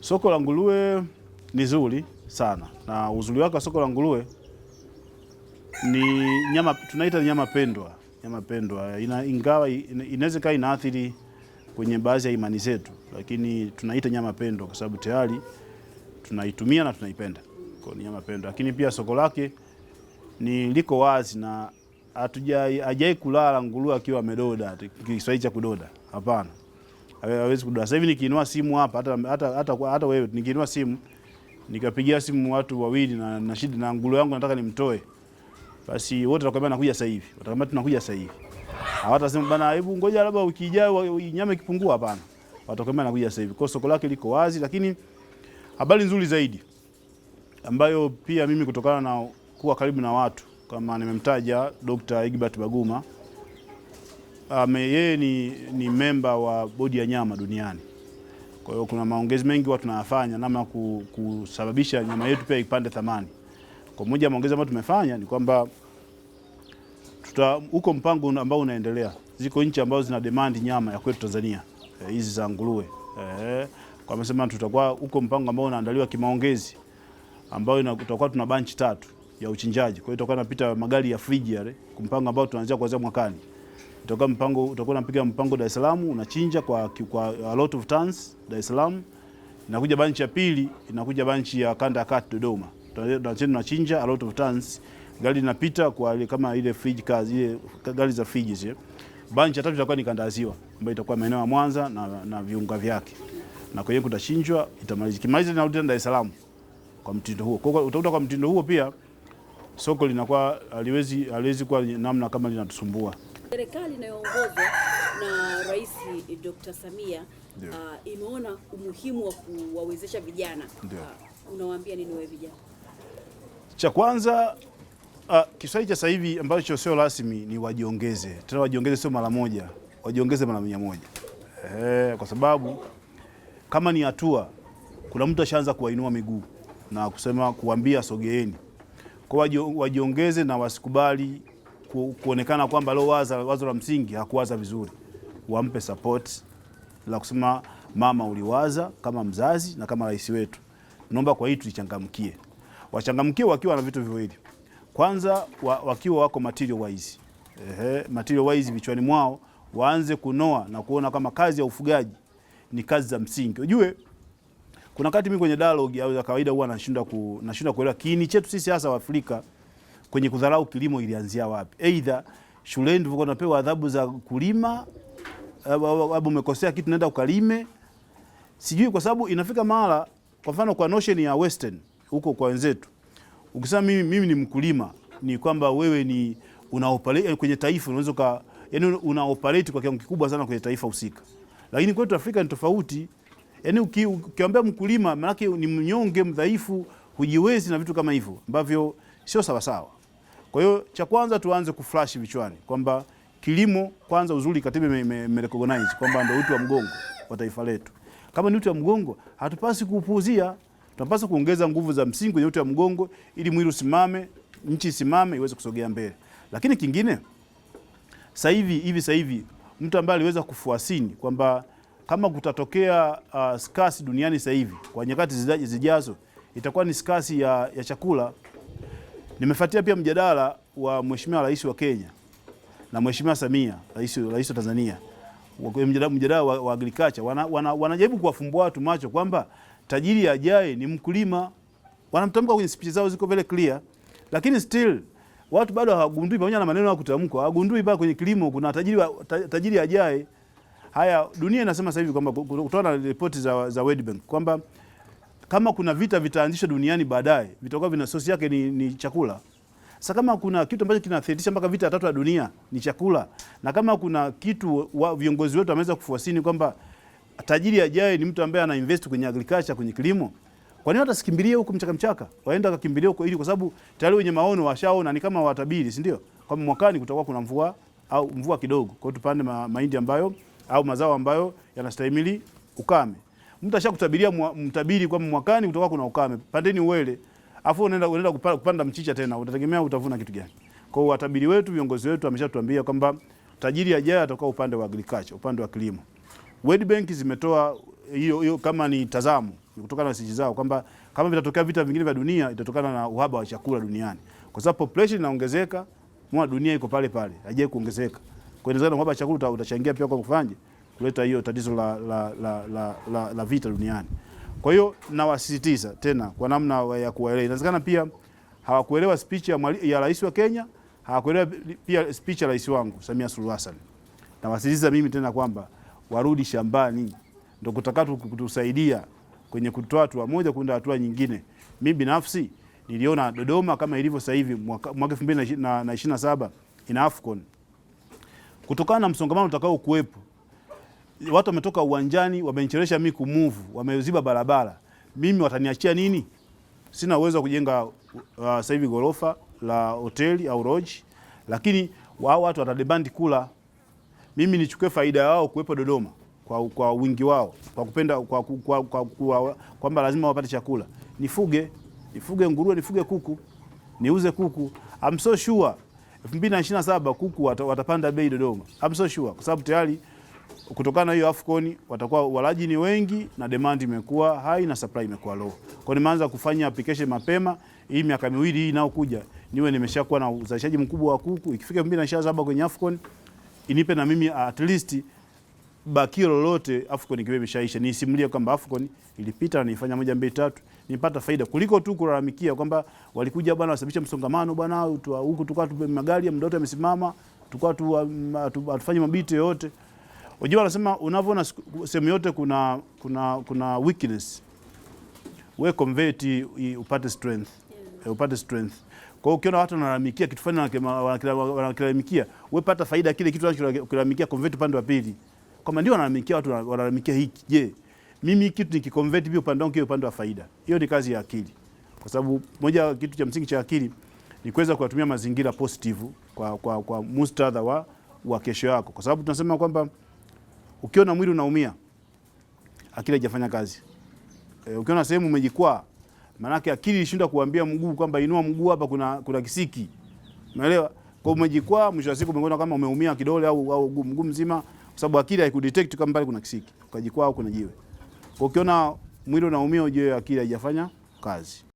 Soko la nguruwe ni zuri sana, na uzuri wake wa soko la nguruwe ni nyama tunaita nyama pendwa, nyama pendwa ina, ingawa inaweza kaa inaathiri kwenye baadhi ya imani zetu, lakini tunaita nyama pendwa kwa sababu tayari tunaitumia na tunaipenda, kwa ni nyama pendwa. Lakini pia soko lake ni liko wazi na hatujai kulala nguruwe akiwa amedoda, Kiswahili cha kudoda, hapana hawezi kudownload. Sasa hivi nikiinua simu hapa hata, hata, hata, hata wewe nikiinua simu nikapigia simu watu wawili na na shida na ngulo yangu nataka nimtoe, basi wote watakwambia nakuja sasa hivi, watakwambia tunakuja sasa hivi. Hawatasema bana, hebu ngoja labda wiki ijayo nyama ikipungua. Hapana, watakwambia nakuja sasa hivi. Kwa soko lake liko wazi, lakini habari nzuri zaidi ambayo pia mimi kutokana na kuwa karibu na watu kama nimemtaja Dr. Egbert Baguma yeye ni, ni memba wa bodi ya nyama duniani. Kwa hiyo kuna maongezi mengi watu tunayafanya namna kusababisha nyama yetu pia ipande thamani. Kwa moja ya maongezi ambayo tumefanya ni kwamba tuta huko mpango ambao unaendelea, ziko nchi ambazo zina demand nyama ya kwetu Tanzania eh, hizi e, za nguruwe e, kwa amesema tutakuwa huko mpango ambao unaandaliwa kimaongezi, ambao tutakuwa tuna banchi tatu ya uchinjaji. Kwa hiyo tutakuwa napita magari ya friji yale, mpango ambao tunaanzia kuanzia mwakani utakuwa mpango utakuwa unapiga mpango Dar es Salaam unachinja kwa, kwa a lot of tons Dar es Salaam, inakuja banchi ya pili, inakuja banchi ya kanda ya kati Dodoma, tunachinja a lot of tons, gari linapita kwa ile kama ile fridge cars ile gari za fridge zile. Banchi ya tatu itakuwa ni kanda ya ziwa ambayo itakuwa maeneo ya Mwanza na, na viunga vyake na kwenye kutachinjwa itamalizika kimaliza na Dar es Salaam kwa mtindo huo. Kwa utakuta kwa mtindo huo pia soko linakuwa aliwezi aliwezi kuwa namna kama linatusumbua. Serikali inayoongozwa na Rais Dr. Samia uh, imeona umuhimu wa kuwawezesha vijana uh, unawaambia nini wewe vijana? Cha kwanza uh, Kiswahili cha sasa hivi ambacho sio rasmi ni wajiongeze, tena wajiongeze, sio mara moja, wajiongeze mara mia moja eh, kwa sababu kama ni hatua, kuna mtu ashaanza kuwainua miguu na kusema kuambia sogeeni, kwa wajiongeze na wasikubali kuonekana kwamba leo waza wazo la msingi hakuwaza vizuri, wampe support la kusema mama, uliwaza kama mzazi na kama rais wetu, naomba kwa hii tulichangamkie. Wachangamkie wakiwa na vitu viwili, kwanza wa, wakiwa wako material wise. Ehe, material wise vichwani mwao waanze kunoa na kuona kama kazi ya ufugaji ni kazi za msingi. Ujue kuna wakati mimi kwenye dialogue au za kawaida huwa nashinda ku, nashinda kuelewa kiini chetu sisi hasa wa Afrika kwenye kudharau kilimo ilianzia wapi? Aidha shuleni tulikuwa tunapewa adhabu za kulima, eh, abu umekosea kitu nenda ukalime, sijui kwa sababu inafika mahala, kwa mfano kwa notion ya western huko kwa wenzetu, ukisema mimi, mimi ni mkulima, ni kwamba wewe ni una operate kwenye taifa unaweza ka yani una operate kwa kiwango kikubwa sana kwenye taifa husika, lakini kwetu Afrika ni tofauti. Yani ukiambia mkulima, maana ni mnyonge, mdhaifu, hujiwezi na vitu kama hivyo ambavyo sio sawasawa. Kwa hiyo cha kwanza tuanze kuflash vichwani kwamba kilimo kwanza, uzuri katiba imerecognize kwamba ndio uti wa mgongo wa taifa letu. Kama ni uti wa mgongo, hatupasi kuupuuzia, tunapaswa kuongeza nguvu za msingi kwenye uti wa mgongo ili mwili usimame, nchi isimame, iweze kusogea mbele. Lakini kingine sasa hivi hivi sasa hivi mtu ambaye aliweza kufuasini kwamba kama kutatokea uh, skasi duniani sasa hivi kwa nyakati zijazo itakuwa ni skasi ya, ya chakula Nimefuatia pia mjadala wa Mheshimiwa Rais wa Kenya na Mheshimiwa Samia rais, rais wa Tanzania, mjadala, mjadala wa, wa agriculture wana, wana, wanajaribu kuwafumbua watu macho kwamba tajiri ajaye ni mkulima, wanamtamka kwenye speech zao ziko vile clear, lakini still watu bado hawagundui, pamoja na maneno ya kutamkwa, hawagundui bado kwenye kilimo kuna tajiri, tajiri ajaye. Haya, dunia inasema sasa hivi kwamba kutoka na ripoti za, za World Bank kwamba kama kuna vita vitaanzishwa duniani baadaye, vitakuwa vina sosi yake ni, ni chakula. Sasa kama kuna kitu ambacho kinathibitisha mpaka vita ya tatu ya dunia ni chakula, na kama kuna kitu wa, viongozi wetu wameweza kufuasini kwamba tajiri ajaye ni mtu ambaye ana invest kwenye agriculture, kwenye kilimo kwa nini watasikimbilia huko mchaka mchaka? Waenda wakakimbilia huko ili kwa sababu tayari wenye maono washaona ni kama watabiri, si ndio? Kwa mwakani kutakuwa kuna mvua au mvua kidogo. Kwa hiyo tupande ma, mahindi ambayo au mazao ambayo yanastahimili ukame mtu ashakutabiria mtabiri kwamba mwakani kutoka kuna ukame, pandeni uwele, afu unaenda unaenda kupanda mchicha tena, utategemea utavuna kitu gani? Kwa hiyo watabiri wetu, viongozi wetu wameshatuambia kwamba tajiri ajaye atakuwa upande wa agriculture, upande wa kilimo. World Bank zimetoa hiyo hiyo kama ni tazamo kutokana na siji zao kwamba kama vitatokea vita vingine vya dunia itatokana na uhaba wa chakula duniani, kwa sababu population inaongezeka, mwa dunia iko pale pale, haijai kuongezeka. Kwa hiyo uhaba wa chakula utachangia pia kwa kufanya kuleta hiyo tatizo la, la, la, la, la, la vita duniani. Kwa hiyo nawasisitiza tena kwa namna ya kuwaelewa. Inawezekana pia hawakuelewa speech ya rais wa Kenya, hawakuelewa pia speech ya rais wangu Samia Suluhu Hassan. Nawasisitiza mimi tena kwamba warudi shambani, ndio kutakatu kutusaidia kwenye kutoa hatua moja kwenda hatua nyingine. Mimi binafsi niliona Dodoma kama ilivyo sasa hivi mwaka saba ina AFCON kutokana na msongamano utakao kuwepo watu wametoka uwanjani, wamenichelesha mimi kumuvu, wameziba barabara, mimi wataniachia nini? Sina uwezo wa kujenga uh, sasa hivi gorofa la hoteli au lodge, lakini wao watu watademand kula, mimi nichukue faida yao kuwepo Dodoma kwa, kwa wingi wao kwa kupenda kwa, kwa, kwa, kwa, kwamba lazima wapate chakula, nifuge nifuge nguruwe, nifuge kuku, niuze kuku. I'm so sure 2027 kuku watapanda bei Dodoma. I'm so sure kwa sababu tayari kutokana na hiyo Afcon watakuwa walaji ni wengi na demand imekuwa high na supply imekuwa low. Kwa nimeanza kufanya application mapema hii miaka miwili hii inayokuja niwe nimeshakuwa na uzalishaji mkubwa wa kuku. Ikifika 2027 kwenye Afcon inipe na mimi at least bakio lolote Afcon ikiwa imeshaisha, nisimulie kwamba Afcon ilipita na nifanya moja mbili tatu, nipata faida kuliko tu kulalamikia kwamba walikuja bwana wasababisha msongamano bwana huku tukawa magari ya mdoto yamesimama tukawa tu um, atufanye mabiti yote. Unajua anasema unavyoona sehemu yote kuna, kuna, kuna weakness. We convert upate strength. Yeah. Eh, upate strength. Kwa hiyo ukiona watu wanalalamikia kitu fulani wanakilalamikia, wewe pata faida kile kitu wanachokilalamikia, convert upande wa pili. Kama ndio wanalalamikia watu wanalalamikia hiki, je, mimi kitu nikiconvert pia upande wangu upande wa faida. Hiyo ni kazi ya akili. Kwa sababu moja kitu cha msingi cha akili ni kuweza kuyatumia mazingira positive kwa, kwa, kwa mustadha wa, wa kesho yako. Kwa sababu tunasema kwamba Ukiona mwili unaumia, akili haijafanya kazi. E, eh, ukiona sehemu umejikwaa, maanake akili ilishinda kuambia mguu kwamba inua mguu hapa, kuna, kuna kisiki. Unaelewa? Kwa umejikwaa, mwisho wa siku umeona kama umeumia kidole au, au mguu mzima, kwa sababu akili haikudetect kama pale kuna kisiki, ukajikwaa au kuna jiwe. Kwa ukiona mwili unaumia, ujue akili haijafanya kazi.